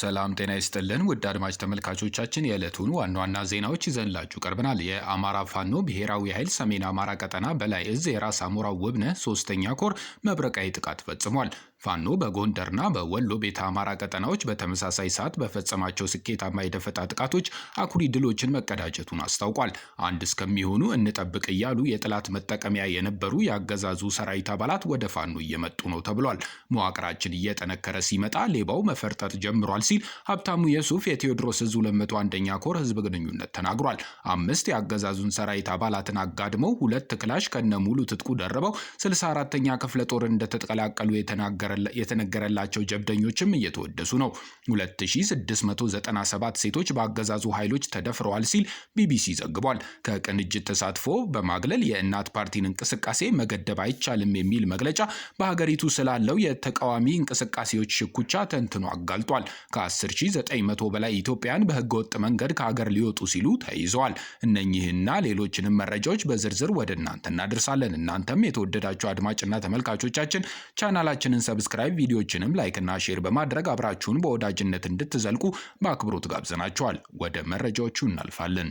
ሰላም ጤና ይስጥልን ውድ አድማጭ ተመልካቾቻችን የዕለቱን ዋና ዋና ዜናዎች ይዘንላችሁ ቀርበናል። የአማራ ፋኖ ብሔራዊ ኃይል ሰሜን አማራ ቀጠና በላይ እዝ የራስ አሞራ ውብነህ ሶስተኛ ኮር መብረቃዊ ጥቃት ፈጽሟል። ፋኖ በጎንደርና በወሎ ቤተ አማራ ቀጠናዎች በተመሳሳይ ሰዓት በፈጸማቸው ስኬታማ የደፈጣ ጥቃቶች አኩሪ ድሎችን መቀዳጀቱን አስታውቋል። አንድ እስከሚሆኑ እንጠብቅ እያሉ የጠላት መጠቀሚያ የነበሩ የአገዛዙ ሰራዊት አባላት ወደ ፋኖ እየመጡ ነው ተብሏል። መዋቅራችን እየጠነከረ ሲመጣ ሌባው መፈርጠጥ ጀምሯል ሲል ሀብታሙ የሱፍ የቴዎድሮስ እዝ 201 አንደኛ ኮር ህዝብ ግንኙነት ተናግሯል። አምስት የአገዛዙን ሰራዊት አባላትን አጋድመው ሁለት ክላሽ ከነ ሙሉ ትጥቁ ደርበው 64 ተኛ ክፍለ ጦር እንደተቀላቀሉ የተናገረ የተነገረላቸው ጀብደኞችም እየተወደሱ ነው። 2697 ሴቶች በአገዛዙ ኃይሎች ተደፍረዋል ሲል ቢቢሲ ዘግቧል። ከቅንጅት ተሳትፎ በማግለል የእናት ፓርቲን እንቅስቃሴ መገደብ አይቻልም የሚል መግለጫ በሀገሪቱ ስላለው የተቃዋሚ እንቅስቃሴዎች ሽኩቻ ተንትኖ አጋልጧል። ከ10900 በላይ ኢትዮጵያን በህገወጥ መንገድ ከሀገር ሊወጡ ሲሉ ተይዘዋል። እነኚህና ሌሎችንም መረጃዎች በዝርዝር ወደ እናንተ እናደርሳለን። እናንተም የተወደዳችሁ አድማጭና ተመልካቾቻችን ቻናላችንን ሰብ ሰብስክራይብ፣ ቪዲዮችንም እና ሼር በማድረግ አብራችሁን በወዳጅነት እንድትዘልቁ በአክብሮት ጋብዘናችኋል። ወደ መረጃዎቹ እናልፋለን።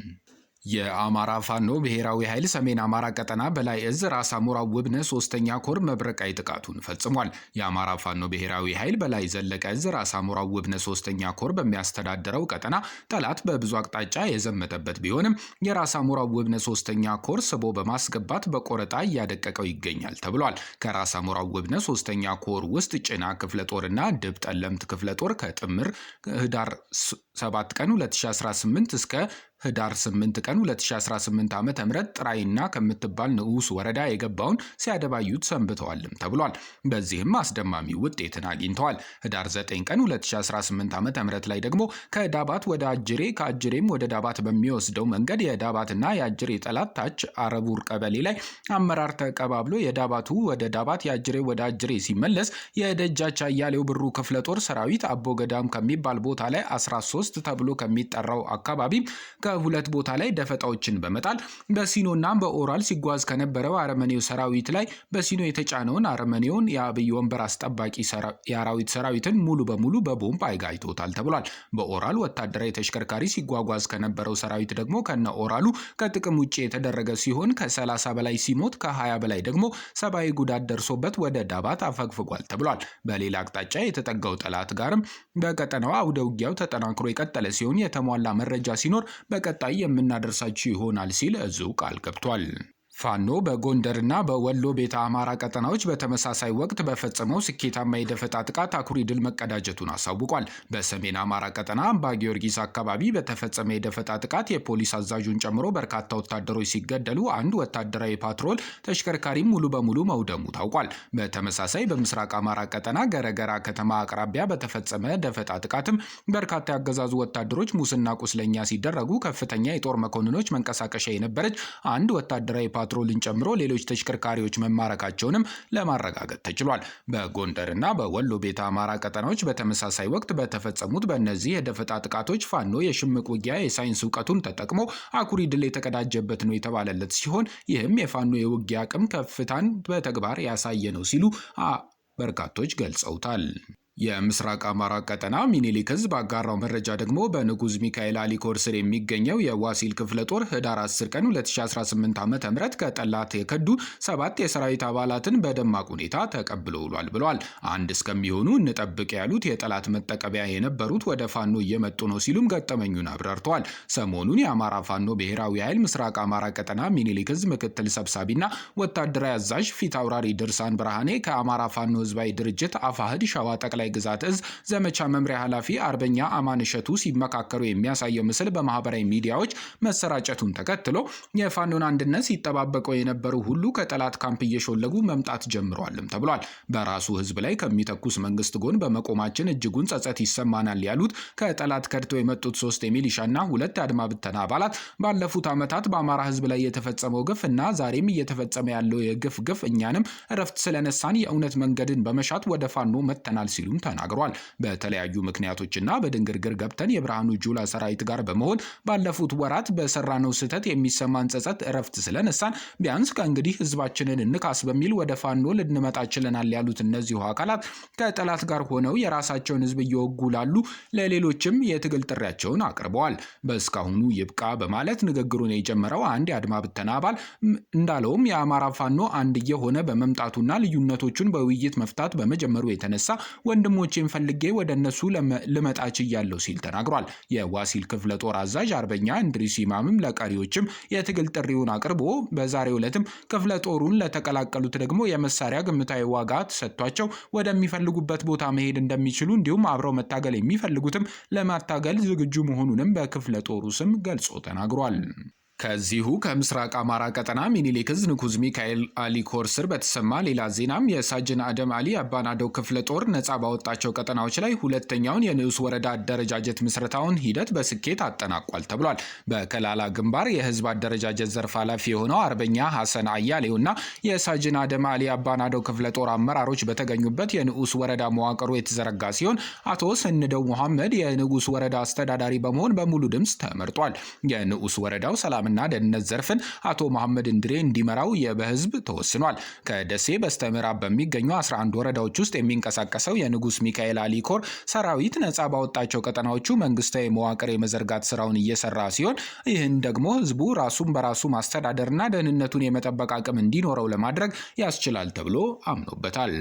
የአማራ ፋኖ ብሔራዊ ኃይል ሰሜን አማራ ቀጠና በላይ እዝ ራስ አሞራ ውብነ ሶስተኛ ኮር መብረቃዊ ጥቃቱን ፈጽሟል። የአማራ ፋኖ ብሔራዊ ኃይል በላይ ዘለቀ እዝ ራስ አሞራ ውብነ ሶስተኛ ኮር በሚያስተዳድረው ቀጠና ጠላት በብዙ አቅጣጫ የዘመተበት ቢሆንም የራስ አሞራ ውብነ ሶስተኛ ኮር ስቦ በማስገባት በቆረጣ እያደቀቀው ይገኛል ተብሏል። ከራስ አሞራ ውብነ ሶስተኛ ኮር ውስጥ ጭና ክፍለ ጦርና ድብ ጠለምት ክፍለ ጦር ከጥምር ህዳር 7 ቀን 2018 እስከ ህዳር 8 ቀን 2018 ዓ ም ጥራይና ከምትባል ንዑስ ወረዳ የገባውን ሲያደባዩት ሰንብተዋልም ተብሏል። በዚህም አስደማሚ ውጤትን አግኝተዋል። ህዳር 9 ቀን 2018 ዓ ም ላይ ደግሞ ከዳባት ወደ አጅሬ ከአጅሬም ወደ ዳባት በሚወስደው መንገድ የዳባትና የአጅሬ ጠላት ታች አረቡር ቀበሌ ላይ አመራር ተቀባብሎ የዳባቱ ወደ ዳባት የአጅሬ ወደ አጅሬ ሲመለስ የደጃች አያሌው ብሩ ክፍለ ጦር ሰራዊት አቦ ገዳም ከሚባል ቦታ ላይ 13 ተብሎ ከሚጠራው አካባቢም ከሁለት ቦታ ላይ ደፈጣዎችን በመጣል በሲኖና በኦራል ሲጓዝ ከነበረው አረመኔው ሰራዊት ላይ በሲኖ የተጫነውን አረመኔውን የአብይ ወንበር አስጠባቂ የአራዊት ሰራዊትን ሙሉ በሙሉ በቦምብ አይጋይቶታል ተብሏል። በኦራል ወታደራዊ ተሽከርካሪ ሲጓጓዝ ከነበረው ሰራዊት ደግሞ ከነ ኦራሉ ከጥቅም ውጭ የተደረገ ሲሆን ከ30 በላይ ሲሞት ከ20 በላይ ደግሞ ሰብአዊ ጉዳት ደርሶበት ወደ ዳባት አፈግፍጓል ተብሏል። በሌላ አቅጣጫ የተጠጋው ጠላት ጋርም በቀጠናው አውደ ውጊያው ተጠናክሮ የቀጠለ ሲሆን የተሟላ መረጃ ሲኖር በቀጣይ የምናደርሳችሁ ይሆናል ሲል እዙ ቃል ገብቷል። ፋኖ በጎንደርና በወሎ ቤተ አማራ ቀጠናዎች በተመሳሳይ ወቅት በፈጸመው ስኬታማ የደፈጣ ጥቃት አኩሪ ድል መቀዳጀቱን አሳውቋል። በሰሜን አማራ ቀጠና አምባ ጊዮርጊስ አካባቢ በተፈጸመ የደፈጣ ጥቃት የፖሊስ አዛዡን ጨምሮ በርካታ ወታደሮች ሲገደሉ፣ አንድ ወታደራዊ ፓትሮል ተሽከርካሪም ሙሉ በሙሉ መውደሙ ታውቋል። በተመሳሳይ በምስራቅ አማራ ቀጠና ገረገራ ከተማ አቅራቢያ በተፈጸመ ደፈጣ ጥቃትም በርካታ ያገዛዙ ወታደሮች ሙስና ቁስለኛ ሲደረጉ፣ ከፍተኛ የጦር መኮንኖች መንቀሳቀሻ የነበረች አንድ ወታደራዊ ፓትሮልን ጨምሮ ሌሎች ተሽከርካሪዎች መማረካቸውንም ለማረጋገጥ ተችሏል። በጎንደርና በወሎ ቤተ አማራ ቀጠናዎች በተመሳሳይ ወቅት በተፈጸሙት በእነዚህ የደፈጣ ጥቃቶች ፋኖ የሽምቅ ውጊያ የሳይንስ እውቀቱን ተጠቅሞ አኩሪ ድል የተቀዳጀበት ነው የተባለለት ሲሆን ይህም የፋኖ የውጊያ አቅም ከፍታን በተግባር ያሳየ ነው ሲሉ በርካቶች ገልጸውታል። የምስራቅ አማራ ቀጠና ሚኒሊክ ህዝብ ባጋራው መረጃ ደግሞ በንጉዝ ሚካኤል አሊኮር ስር የሚገኘው የዋሲል ክፍለ ጦር ህዳር 10 ቀን 2018 ዓ ም ከጠላት የከዱ ሰባት የሰራዊት አባላትን በደማቅ ሁኔታ ተቀብሎ ውሏል ብለዋል። አንድ እስከሚሆኑ እንጠብቅ ያሉት የጠላት መጠቀቢያ የነበሩት ወደ ፋኖ እየመጡ ነው ሲሉም ገጠመኙን አብራርተዋል። ሰሞኑን የአማራ ፋኖ ብሔራዊ ኃይል ምስራቅ አማራ ቀጠና ሚኒሊክ ህዝብ ምክትል ሰብሳቢና ወታደራዊ አዛዥ ፊት አውራሪ ድርሳን ብርሃኔ ከአማራ ፋኖ ህዝባዊ ድርጅት አፋህድ ሸዋ ጠቅላይ ጠቅላይ ግዛት እዝ ዘመቻ መምሪያ ኃላፊ አርበኛ አማንሸቱ ሲመካከሩ የሚያሳየው ምስል በማህበራዊ ሚዲያዎች መሰራጨቱን ተከትሎ የፋኖን አንድነት ሲጠባበቀው የነበሩ ሁሉ ከጠላት ካምፕ እየሾለጉ መምጣት ጀምሯልም ተብሏል። በራሱ ህዝብ ላይ ከሚተኩስ መንግስት ጎን በመቆማችን እጅጉን ጸጸት ይሰማናል ያሉት ከጠላት ከድተው የመጡት ሶስት የሚሊሻና ሁለት የአድማ ብተና አባላት ባለፉት ዓመታት በአማራ ህዝብ ላይ የተፈጸመው ግፍ እና ዛሬም እየተፈጸመ ያለው የግፍ ግፍ እኛንም እረፍት ስለነሳን የእውነት መንገድን በመሻት ወደ ፋኖ መጥተናል ሲሉ እንደሚታዩም ተናግሯል። በተለያዩ ምክንያቶችና በድንግርግር ገብተን የብርሃኑ ጁላ ሰራዊት ጋር በመሆን ባለፉት ወራት በሰራነው ስህተት የሚሰማን ጸጸት እረፍት ስለነሳን ቢያንስ ከእንግዲህ ህዝባችንን እንካስ በሚል ወደ ፋኖ ልንመጣ ችለናል ያሉት እነዚሁ አካላት ከጠላት ጋር ሆነው የራሳቸውን ህዝብ እየወጉ ላሉ ለሌሎችም የትግል ጥሪያቸውን አቅርበዋል። በእስካሁኑ ይብቃ በማለት ንግግሩን የጀመረው አንድ የአድማ ብተና አባል እንዳለውም የአማራ ፋኖ አንድ የሆነ በመምጣቱና ልዩነቶቹን በውይይት መፍታት በመጀመሩ የተነሳ ወ ወንድሞቼን ፈልጌ ወደ እነሱ ልመጣ ችያለሁ ሲል ተናግሯል። የዋሲል ክፍለ ጦር አዛዥ አርበኛ እንድሪስ ኢማምም ለቀሪዎችም የትግል ጥሪውን አቅርቦ በዛሬው ዕለትም ክፍለ ጦሩን ለተቀላቀሉት ደግሞ የመሳሪያ ግምታዊ ዋጋ ተሰጥቷቸው ወደሚፈልጉበት ቦታ መሄድ እንደሚችሉ እንዲሁም አብረው መታገል የሚፈልጉትም ለማታገል ዝግጁ መሆኑንም በክፍለ ጦሩ ስም ገልጾ ተናግሯል። ከዚሁ ከምስራቅ አማራ ቀጠና ሚኒሊክ ንኩዝ ሚካኤል አሊ ኮር ስር በተሰማ ሌላ ዜናም የሳጅን አደም አሊ አባናደው ክፍለ ጦር ነፃ ባወጣቸው ቀጠናዎች ላይ ሁለተኛውን የንዑስ ወረዳ አደረጃጀት ምስረታውን ሂደት በስኬት አጠናቋል ተብሏል። በከላላ ግንባር የህዝብ አደረጃጀት ዘርፍ ኃላፊ የሆነው አርበኛ ሐሰን አያሌውና የሳጅን አደም አሊ አባናደው ክፍለ ጦር አመራሮች በተገኙበት የንዑስ ወረዳ መዋቅሩ የተዘረጋ ሲሆን አቶ ሰንደው መሐመድ የንዑስ ወረዳ አስተዳዳሪ በመሆን በሙሉ ድምፅ ተመርጧል። የንዑስ ወረዳው ሰላም ሰላምና ደህንነት ዘርፍን አቶ መሐመድ እንድሬ እንዲመራው በህዝብ ተወስኗል። ከደሴ በስተምዕራብ በሚገኙ 11 ወረዳዎች ውስጥ የሚንቀሳቀሰው የንጉሥ ሚካኤል አሊኮር ሰራዊት ነጻ ባወጣቸው ቀጠናዎቹ መንግስታዊ መዋቅር የመዘርጋት ስራውን እየሰራ ሲሆን ይህን ደግሞ ህዝቡ ራሱን በራሱ ማስተዳደርና ደህንነቱን የመጠበቅ አቅም እንዲኖረው ለማድረግ ያስችላል ተብሎ አምኖበታል።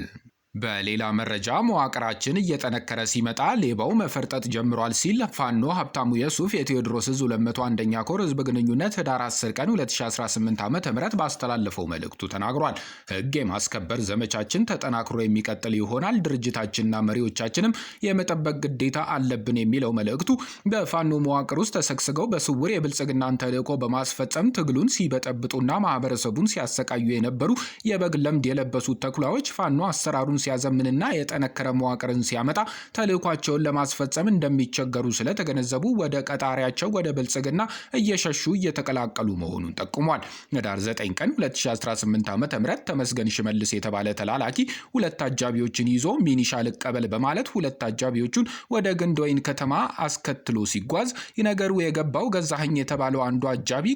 በሌላ መረጃ መዋቅራችን እየጠነከረ ሲመጣ ሌባው መፈርጠጥ ጀምሯል ሲል ፋኖ ሀብታሙ የሱፍ የቴዎድሮስ ዝ 201ኛ ኮር ህዝብ ግንኙነት ህዳር 10 ቀን 2018 ዓ ም ባስተላለፈው መልእክቱ ተናግሯል። ህግ የማስከበር ዘመቻችን ተጠናክሮ የሚቀጥል ይሆናል፣ ድርጅታችንና መሪዎቻችንም የመጠበቅ ግዴታ አለብን የሚለው መልእክቱ በፋኖ መዋቅር ውስጥ ተሰግስገው በስውር የብልጽግናን ተልዕኮ በማስፈጸም ትግሉን ሲበጠብጡና ማህበረሰቡን ሲያሰቃዩ የነበሩ የበግ ለምድ የለበሱት ተኩላዎች ፋኖ አሰራሩን አቅሙን ሲያዘምንና የጠነከረ መዋቅርን ሲያመጣ ተልዕኳቸውን ለማስፈጸም እንደሚቸገሩ ስለተገነዘቡ ወደ ቀጣሪያቸው ወደ ብልጽግና እየሸሹ እየተቀላቀሉ መሆኑን ጠቁሟል። ህዳር 9 ቀን 2018 ዓ ም ተመስገን ሽመልስ የተባለ ተላላኪ ሁለት አጃቢዎችን ይዞ ሚኒሻ ልቀበል በማለት ሁለት አጃቢዎቹን ወደ ወይን ከተማ አስከትሎ ሲጓዝ ነገሩ የገባው ገዛኸኝ የተባለው አንዱ አጃቢ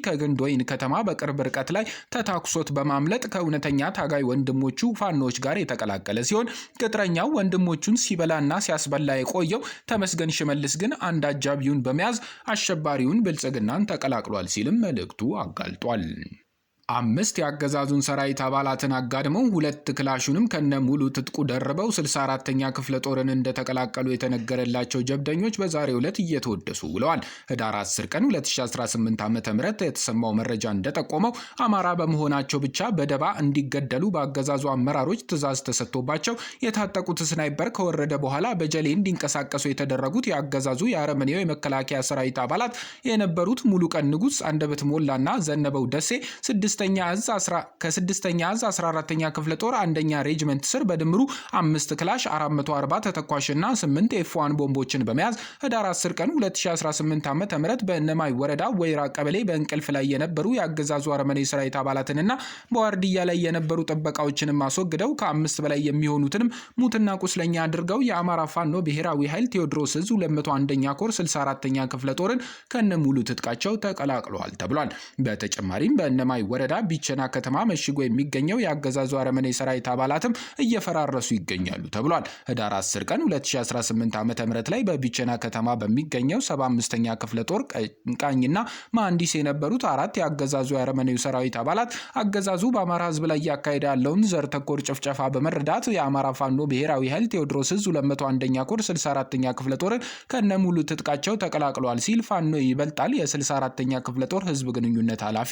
ወይን ከተማ በቅርብ ርቀት ላይ ተታኩሶት በማምለጥ ከእውነተኛ ታጋይ ወንድሞቹ ፋኖች ጋር የተቀላቀለ ሲሆን ሲሆን ቅጥረኛው ወንድሞቹን ሲበላና ሲያስበላ የቆየው ተመስገን ሽመልስ ግን አንድ አጃቢውን በመያዝ አሸባሪውን ብልጽግናን ተቀላቅሏል ሲልም መልእክቱ አጋልጧል። አምስት የአገዛዙን ሰራዊት አባላትን አጋድመው ሁለት ክላሹንም ከነ ሙሉ ትጥቁ ደርበው 64ተኛ ክፍለ ጦርን እንደተቀላቀሉ የተነገረላቸው ጀብደኞች በዛሬው ዕለት እየተወደሱ ውለዋል። ህዳር 10 ቀን 2018 ዓ ም የተሰማው መረጃ እንደጠቆመው አማራ በመሆናቸው ብቻ በደባ እንዲገደሉ በአገዛዙ አመራሮች ትዕዛዝ ተሰጥቶባቸው የታጠቁት ስናይበር ከወረደ በኋላ በጀሌ እንዲንቀሳቀሱ የተደረጉት የአገዛዙ የአረመኔው የመከላከያ ሰራዊት አባላት የነበሩት ሙሉ ቀን ንጉስ አንደበት ሞላና ዘነበው ደሴ ስድስት ከስድስተኛ እዝ 14ኛ ክፍለ ጦር አንደኛ ሬጅመንት ስር በድምሩ አምስት ክላሽ 440 ተተኳሽ እና 8 ኤፍ ቦምቦችን በመያዝ ህዳር 10 ቀን 2018 ዓ ም በእነማይ ወረዳ ወይራ ቀበሌ በእንቅልፍ ላይ የነበሩ የአገዛዙ አረመኔ ሰራዊት አባላትንና በዋርድያ ላይ የነበሩ ጥበቃዎችንም አስወግደው ከአምስት በላይ የሚሆኑትንም ሙትና ቁስለኛ አድርገው የአማራ ፋኖ ብሔራዊ ኃይል ቴዎድሮስ እዝ 201ኛ ኮር 64ኛ ክፍለ ጦርን ከነ ሙሉ ትጥቃቸው ተቀላቅለዋል ተብሏል። በተጨማሪም በእነማይ ወረዳ ወረዳ ቢቸና ከተማ መሽጎ የሚገኘው የአገዛዙ አረመኔ ሰራዊት አባላትም እየፈራረሱ ይገኛሉ ተብሏል። ህዳር 10 ቀን 2018 ዓ ም ላይ በቢቸና ከተማ በሚገኘው 75ኛ ክፍለ ጦር ቃኝና መሐንዲስ የነበሩት አራት የአገዛዙ የአረመኔው ሰራዊት አባላት አገዛዙ በአማራ ህዝብ ላይ እያካሄደ ያለውን ዘር ተኮር ጭፍጨፋ በመረዳት የአማራ ፋኖ ብሔራዊ ኃይል ቴዎድሮስ ዕዝ 201ኛ ኮር 64ኛ ክፍለ ጦር ከነ ሙሉ ትጥቃቸው ተቀላቅሏል ሲል ፋኖ ይበልጣል የ64ኛ ክፍለ ጦር ህዝብ ግንኙነት ኃላፊ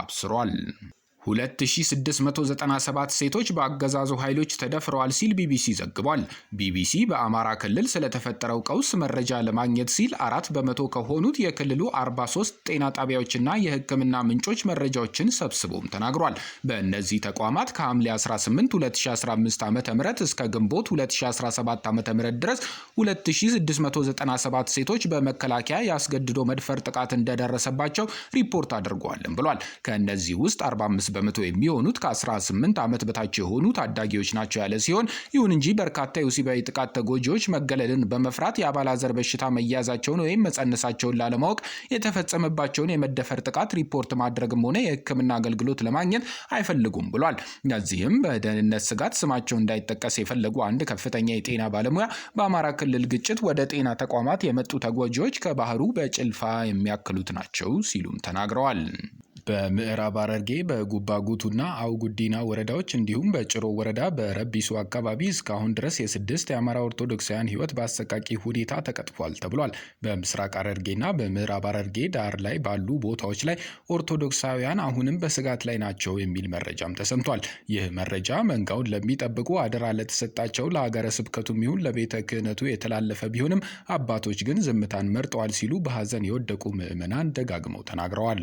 አብስሯል። one. 2697 ሴቶች በአገዛዙ ኃይሎች ተደፍረዋል ሲል ቢቢሲ ዘግቧል። ቢቢሲ በአማራ ክልል ስለተፈጠረው ቀውስ መረጃ ለማግኘት ሲል አራት በመቶ ከሆኑት የክልሉ 43 ጤና ጣቢያዎችና የሕክምና ምንጮች መረጃዎችን ሰብስቦም ተናግሯል። በእነዚህ ተቋማት ከሐምሌ 18 2015 ዓ ም እስከ ግንቦት 2017 ዓ ም ድረስ 2697 ሴቶች በመከላከያ የአስገድዶ መድፈር ጥቃት እንደደረሰባቸው ሪፖርት አድርገዋልም ብሏል። ከእነዚህ ውስጥ 45 በመቶ የሚሆኑት ከ18 ዓመት በታች የሆኑ ታዳጊዎች ናቸው ያለ ሲሆን ይሁን እንጂ በርካታ የወሲባዊ ጥቃት ተጎጂዎች መገለልን በመፍራት የአባላዘር በሽታ መያዛቸውን ወይም መጸነሳቸውን ላለማወቅ የተፈጸመባቸውን የመደፈር ጥቃት ሪፖርት ማድረግም ሆነ የሕክምና አገልግሎት ለማግኘት አይፈልጉም ብሏል። እነዚህም በደህንነት ስጋት ስማቸው እንዳይጠቀስ የፈለጉ አንድ ከፍተኛ የጤና ባለሙያ በአማራ ክልል ግጭት ወደ ጤና ተቋማት የመጡ ተጎጂዎች ከባህሩ በጭልፋ የሚያክሉት ናቸው ሲሉም ተናግረዋል። በምዕራብ በጉባ በጉባጉቱና አውጉዲና ወረዳዎች እንዲሁም በጭሮ ወረዳ በረቢሱ አካባቢ እስካሁን ድረስ የስድስት የአማራ ኦርቶዶክሳውያን ህይወት በአሰቃቂ ሁኔታ ተቀጥፏል ተብሏል። በምስራቅ ሐረርጌና በምዕራብ አረርጌ ዳር ላይ ባሉ ቦታዎች ላይ ኦርቶዶክሳውያን አሁንም በስጋት ላይ ናቸው የሚል መረጃም ተሰምቷል። ይህ መረጃ መንጋውን ለሚጠብቁ አደራ ለተሰጣቸው ለሀገረ ስብከቱ ይሁን ለቤተ ክህነቱ የተላለፈ ቢሆንም አባቶች ግን ዝምታን መርጠዋል ሲሉ በሀዘን የወደቁ ምዕመናን ደጋግመው ተናግረዋል።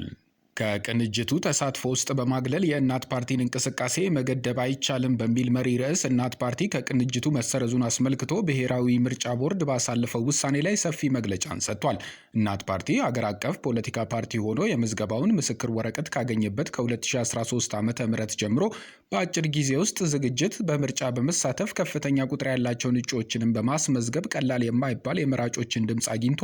ከቅንጅቱ ተሳትፎ ውስጥ በማግለል የእናት ፓርቲን እንቅስቃሴ መገደብ አይቻልም በሚል መሪ ርዕስ እናት ፓርቲ ከቅንጅቱ መሰረዙን አስመልክቶ ብሔራዊ ምርጫ ቦርድ ባሳለፈው ውሳኔ ላይ ሰፊ መግለጫን ሰጥቷል። እናት ፓርቲ አገር አቀፍ ፖለቲካ ፓርቲ ሆኖ የምዝገባውን ምስክር ወረቀት ካገኘበት ከ2013 ዓ ም ጀምሮ በአጭር ጊዜ ውስጥ ዝግጅት በምርጫ በመሳተፍ ከፍተኛ ቁጥር ያላቸውን እጩዎችንም በማስመዝገብ ቀላል የማይባል የመራጮችን ድምፅ አግኝቶ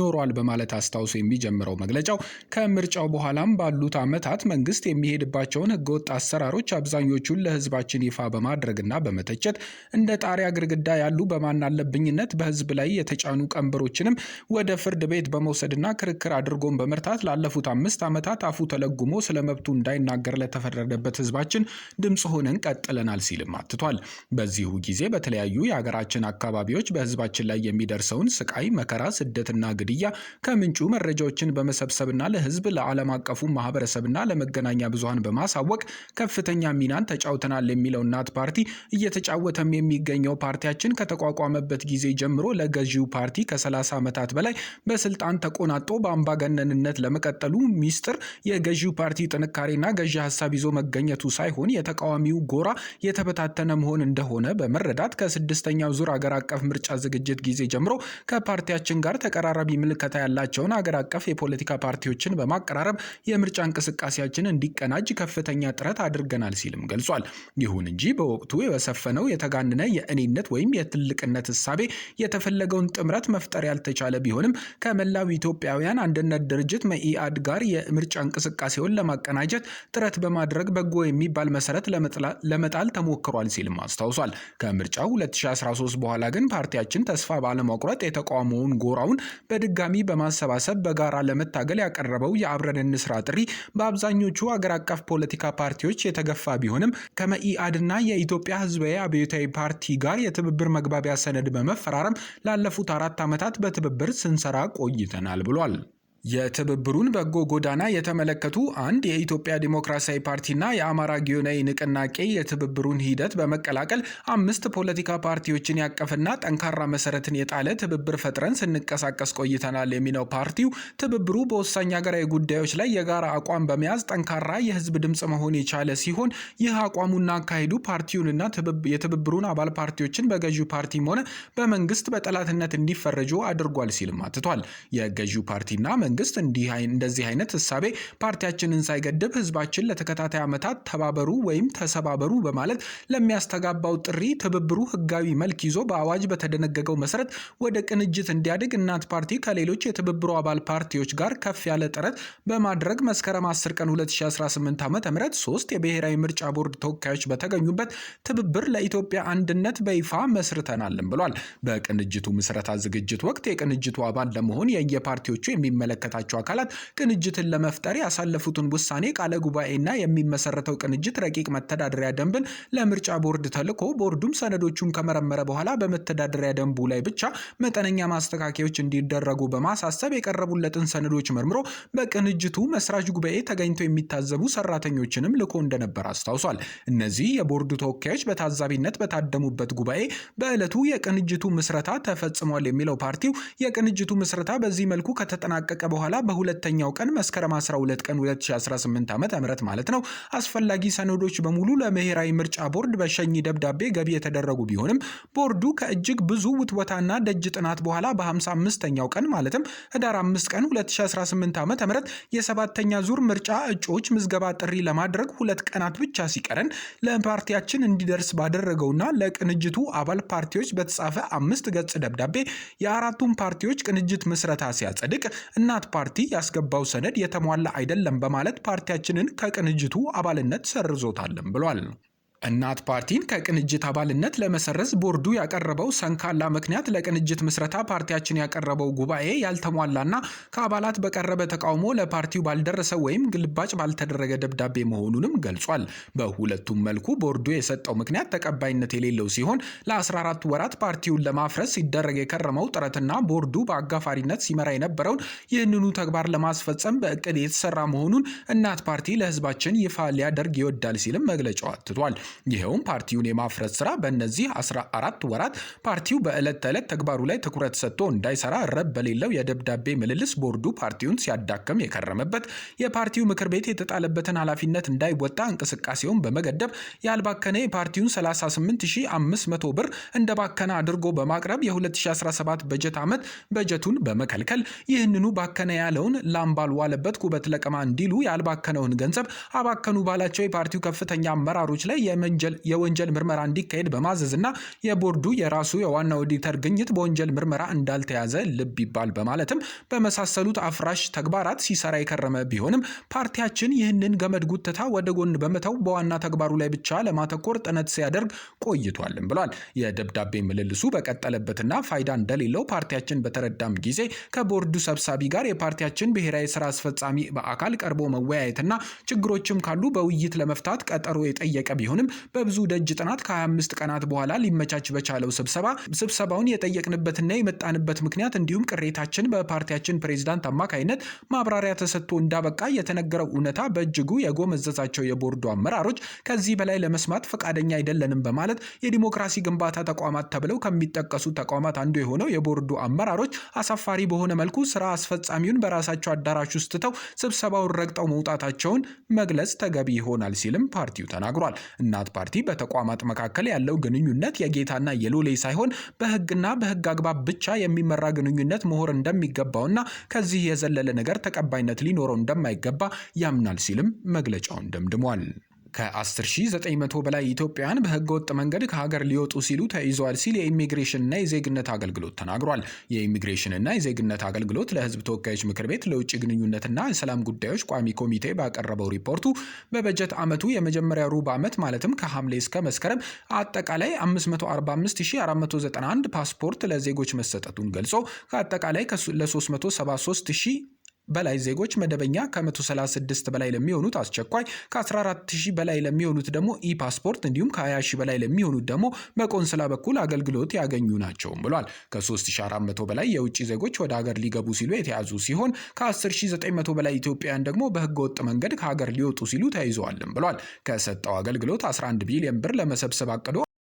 ኖሯል በማለት አስታውሶ የሚጀምረው መግለጫው ከምርጫው በኋላ በኋላም ባሉት ዓመታት መንግስት የሚሄድባቸውን ህገወጥ አሰራሮች አብዛኞቹን ለህዝባችን ይፋ በማድረግና በመተቸት እንደ ጣሪያ ግድግዳ ያሉ በማናለብኝነት በህዝብ ላይ የተጫኑ ቀንበሮችንም ወደ ፍርድ ቤት በመውሰድና ክርክር አድርጎን በመርታት ላለፉት አምስት ዓመታት አፉ ተለጉሞ ስለ መብቱ እንዳይናገር ለተፈረደበት ህዝባችን ድምፅ ሆነን ቀጥለናል ሲልም አትቷል። በዚሁ ጊዜ በተለያዩ የሀገራችን አካባቢዎች በህዝባችን ላይ የሚደርሰውን ስቃይ፣ መከራ፣ ስደትና ግድያ ከምንጩ መረጃዎችን በመሰብሰብና ለህዝብ ለዓለም አቀፉ አቀፉ ማህበረሰብና ለመገናኛ ብዙሃን በማሳወቅ ከፍተኛ ሚናን ተጫውተናል የሚለው እናት ፓርቲ እየተጫወተም የሚገኘው ፓርቲያችን ከተቋቋመበት ጊዜ ጀምሮ ለገዢው ፓርቲ ከ30 ዓመታት በላይ በስልጣን ተቆናጦ በአምባገነንነት ለመቀጠሉ ሚስጥር የገዢው ፓርቲ ጥንካሬና ገዢ ሀሳብ ይዞ መገኘቱ ሳይሆን የተቃዋሚው ጎራ የተበታተነ መሆን እንደሆነ በመረዳት ከስድስተኛው ዙር አገር አቀፍ ምርጫ ዝግጅት ጊዜ ጀምሮ ከፓርቲያችን ጋር ተቀራራቢ ምልከታ ያላቸውን አገር አቀፍ የፖለቲካ ፓርቲዎችን በማቀራረብ የምርጫ እንቅስቃሴያችን እንዲቀናጅ ከፍተኛ ጥረት አድርገናል ሲልም ገልጿል። ይሁን እንጂ በወቅቱ የሰፈነው የተጋነነ የእኔነት ወይም የትልቅነት እሳቤ የተፈለገውን ጥምረት መፍጠር ያልተቻለ ቢሆንም ከመላው ኢትዮጵያውያን አንድነት ድርጅት መኢአድ ጋር የምርጫ እንቅስቃሴውን ለማቀናጀት ጥረት በማድረግ በጎ የሚባል መሰረት ለመጣል ተሞክሯል ሲልም አስታውሷል። ከምርጫው 2013 በኋላ ግን ፓርቲያችን ተስፋ ባለመቁረጥ የተቃውሞውን ጎራውን በድጋሚ በማሰባሰብ በጋራ ለመታገል ያቀረበው የአብረን እንስራ የስራ ጥሪ በአብዛኞቹ አገር አቀፍ ፖለቲካ ፓርቲዎች የተገፋ ቢሆንም ከመኢአድና የኢትዮጵያ ህዝባዊ አብዮታዊ ፓርቲ ጋር የትብብር መግባቢያ ሰነድ በመፈራረም ላለፉት አራት ዓመታት በትብብር ስንሰራ ቆይተናል ብሏል። የትብብሩን በጎ ጎዳና የተመለከቱ አንድ የኢትዮጵያ ዲሞክራሲያዊ ፓርቲና የአማራ ጊዮናዊ ንቅናቄ የትብብሩን ሂደት በመቀላቀል አምስት ፖለቲካ ፓርቲዎችን ያቀፈና ጠንካራ መሰረትን የጣለ ትብብር ፈጥረን ስንቀሳቀስ ቆይተናል የሚለው ፓርቲው ትብብሩ በወሳኝ ሀገራዊ ጉዳዮች ላይ የጋራ አቋም በመያዝ ጠንካራ የህዝብ ድምፅ መሆን የቻለ ሲሆን ይህ አቋሙና አካሄዱ ፓርቲውንና የትብብሩን አባል ፓርቲዎችን በገዢው ፓርቲም ሆነ በመንግስት በጠላትነት እንዲፈረጁ አድርጓል ሲልም አትቷል። የገዢው ፓርቲና መንግስት እንደዚህ አይነት እሳቤ ፓርቲያችንን ሳይገድብ ህዝባችን ለተከታታይ ዓመታት ተባበሩ ወይም ተሰባበሩ በማለት ለሚያስተጋባው ጥሪ ትብብሩ ህጋዊ መልክ ይዞ በአዋጅ በተደነገገው መሰረት ወደ ቅንጅት እንዲያድግ እናት ፓርቲ ከሌሎች የትብብሩ አባል ፓርቲዎች ጋር ከፍ ያለ ጥረት በማድረግ መስከረም 10 ቀን 2018 ዓ.ም ሶስት የብሔራዊ ምርጫ ቦርድ ተወካዮች በተገኙበት ትብብር ለኢትዮጵያ አንድነት በይፋ መስርተናልም ብሏል። በቅንጅቱ ምስረታ ዝግጅት ወቅት የቅንጅቱ አባል ለመሆን የየፓርቲዎቹ የሚመለከ የሚመለከታቸው አካላት ቅንጅትን ለመፍጠር ያሳለፉትን ውሳኔ ቃለ ጉባኤና የሚመሰረተው ቅንጅት ረቂቅ መተዳደሪያ ደንብን ለምርጫ ቦርድ ተልኮ ቦርዱም ሰነዶቹን ከመረመረ በኋላ በመተዳደሪያ ደንቡ ላይ ብቻ መጠነኛ ማስተካከዮች እንዲደረጉ በማሳሰብ የቀረቡለትን ሰነዶች መርምሮ በቅንጅቱ መስራች ጉባኤ ተገኝተው የሚታዘቡ ሰራተኞችንም ልኮ እንደነበር አስታውሷል። እነዚህ የቦርዱ ተወካዮች በታዛቢነት በታደሙበት ጉባኤ በዕለቱ የቅንጅቱ ምስረታ ተፈጽሟል የሚለው ፓርቲው የቅንጅቱ ምስረታ በዚህ መልኩ ከተጠናቀቀ በኋላ በሁለተኛው ቀን መስከረም 12 ቀን 2018 ዓ.ም ማለት ነው አስፈላጊ ሰነዶች በሙሉ ለብሔራዊ ምርጫ ቦርድ በሸኚ ደብዳቤ ገቢ የተደረጉ ቢሆንም ቦርዱ ከእጅግ ብዙ ውትወታና ደጅ ጥናት በኋላ በ55ኛው ቀን ማለትም ህዳር 5 ቀን 2018 ዓ. ም የሰባተኛ ዙር ምርጫ እጩዎች ምዝገባ ጥሪ ለማድረግ ሁለት ቀናት ብቻ ሲቀረን ለፓርቲያችን እንዲደርስ ባደረገውና ለቅንጅቱ አባል ፓርቲዎች በተጻፈ አምስት ገጽ ደብዳቤ የአራቱም ፓርቲዎች ቅንጅት ምስረታ ሲያጸድቅ እና የእናት ፓርቲ ያስገባው ሰነድ የተሟላ አይደለም በማለት ፓርቲያችንን ከቅንጅቱ አባልነት ሰርዞታልም ብሏል። እናት ፓርቲን ከቅንጅት አባልነት ለመሰረዝ ቦርዱ ያቀረበው ሰንካላ ምክንያት ለቅንጅት ምስረታ ፓርቲያችን ያቀረበው ጉባኤ ያልተሟላና ከአባላት በቀረበ ተቃውሞ ለፓርቲው ባልደረሰው ወይም ግልባጭ ባልተደረገ ደብዳቤ መሆኑንም ገልጿል። በሁለቱም መልኩ ቦርዱ የሰጠው ምክንያት ተቀባይነት የሌለው ሲሆን ለ14 ወራት ፓርቲውን ለማፍረስ ሲደረግ የከረመው ጥረትና ቦርዱ በአጋፋሪነት ሲመራ የነበረውን ይህንኑ ተግባር ለማስፈጸም በእቅድ የተሰራ መሆኑን እናት ፓርቲ ለህዝባችን ይፋ ሊያደርግ ይወዳል ሲልም መግለጫው አትቷል። ይኸውም ፓርቲውን የማፍረስ ስራ በእነዚህ አስራ አራት ወራት ፓርቲው በዕለት ተዕለት ተግባሩ ላይ ትኩረት ሰጥቶ እንዳይሰራ ረብ በሌለው የደብዳቤ ምልልስ ቦርዱ ፓርቲውን ሲያዳክም የከረመበት፣ የፓርቲው ምክር ቤት የተጣለበትን ኃላፊነት እንዳይወጣ እንቅስቃሴውን በመገደብ ያልባከነ የፓርቲውን 38500 ብር እንደባከና አድርጎ በማቅረብ የ2017 በጀት ዓመት በጀቱን በመከልከል ይህንኑ ባከነ ያለውን ላምባል ዋለበት ኩበት ለቀማ እንዲሉ ያልባከነውን ገንዘብ አባከኑ ባላቸው የፓርቲው ከፍተኛ አመራሮች ላይ የወንጀል ምርመራ እንዲካሄድ በማዘዝ እና የቦርዱ የራሱ የዋና ኦዲተር ግኝት በወንጀል ምርመራ እንዳልተያዘ ልብ ይባል በማለትም በመሳሰሉት አፍራሽ ተግባራት ሲሰራ የከረመ ቢሆንም ፓርቲያችን ይህንን ገመድ ጉተታ ወደ ጎን በመተው በዋና ተግባሩ ላይ ብቻ ለማተኮር ጥነት ሲያደርግ ቆይቷልም ብሏል። የደብዳቤ ምልልሱ በቀጠለበትና ፋይዳ እንደሌለው ፓርቲያችን በተረዳም ጊዜ ከቦርዱ ሰብሳቢ ጋር የፓርቲያችን ብሔራዊ ስራ አስፈጻሚ በአካል ቀርቦ መወያየትና ችግሮችም ካሉ በውይይት ለመፍታት ቀጠሮ የጠየቀ ቢሆንም በብዙ ደጅ ጥናት ከ25 ቀናት በኋላ ሊመቻች በቻለው ስብሰባ ስብሰባውን የጠየቅንበትና የመጣንበት ምክንያት እንዲሁም ቅሬታችን በፓርቲያችን ፕሬዚዳንት አማካይነት ማብራሪያ ተሰጥቶ እንዳበቃ የተነገረው እውነታ በእጅጉ የጎመዘዛቸው የቦርዱ አመራሮች ከዚህ በላይ ለመስማት ፈቃደኛ አይደለንም በማለት የዲሞክራሲ ግንባታ ተቋማት ተብለው ከሚጠቀሱ ተቋማት አንዱ የሆነው የቦርዱ አመራሮች አሳፋሪ በሆነ መልኩ ስራ አስፈጻሚውን በራሳቸው አዳራሽ ውስጥ ትተው ስብሰባውን ረግጠው መውጣታቸውን መግለጽ ተገቢ ይሆናል ሲልም ፓርቲው ተናግሯል እና የቅንዓት ፓርቲ በተቋማት መካከል ያለው ግንኙነት የጌታና የሎሌ ሳይሆን በህግና በህግ አግባብ ብቻ የሚመራ ግንኙነት መሆን እንደሚገባውና ከዚህ የዘለለ ነገር ተቀባይነት ሊኖረው እንደማይገባ ያምናል ሲልም መግለጫውን ደምድሟል። ከ10,900 በላይ ኢትዮጵያውያን በህገወጥ መንገድ ከሀገር ሊወጡ ሲሉ ተይዘዋል ሲል የኢሚግሬሽንና የዜግነት አገልግሎት ተናግሯል። የኢሚግሬሽንና የዜግነት አገልግሎት ለህዝብ ተወካዮች ምክር ቤት ለውጭ ግንኙነትና የሰላም ጉዳዮች ቋሚ ኮሚቴ ባቀረበው ሪፖርቱ በበጀት ዓመቱ የመጀመሪያ ሩብ ዓመት ማለትም ከሐምሌ እስከ መስከረም አጠቃላይ 545491 ፓስፖርት ለዜጎች መሰጠቱን ገልጾ ከአጠቃላይ ለ373 በላይ ዜጎች መደበኛ፣ ከ136 በላይ ለሚሆኑት አስቸኳይ፣ ከ14000 በላይ ለሚሆኑት ደግሞ ኢፓስፖርት እንዲሁም ከ20000 በላይ ለሚሆኑት ደግሞ በቆንስላ በኩል አገልግሎት ያገኙ ናቸውም ብሏል። ከ3400 በላይ የውጭ ዜጎች ወደ ሀገር ሊገቡ ሲሉ የተያዙ ሲሆን ከ10900 በላይ ኢትዮጵያውያን ደግሞ በህገወጥ መንገድ ከሀገር ሊወጡ ሲሉ ተይዘዋልም ብሏል። ከሰጠው አገልግሎት 11 ቢሊዮን ብር ለመሰብሰብ አቅዶ